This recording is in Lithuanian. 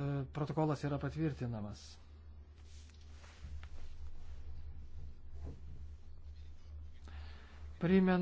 E, protokolas yra patvirtinamas. Primenu.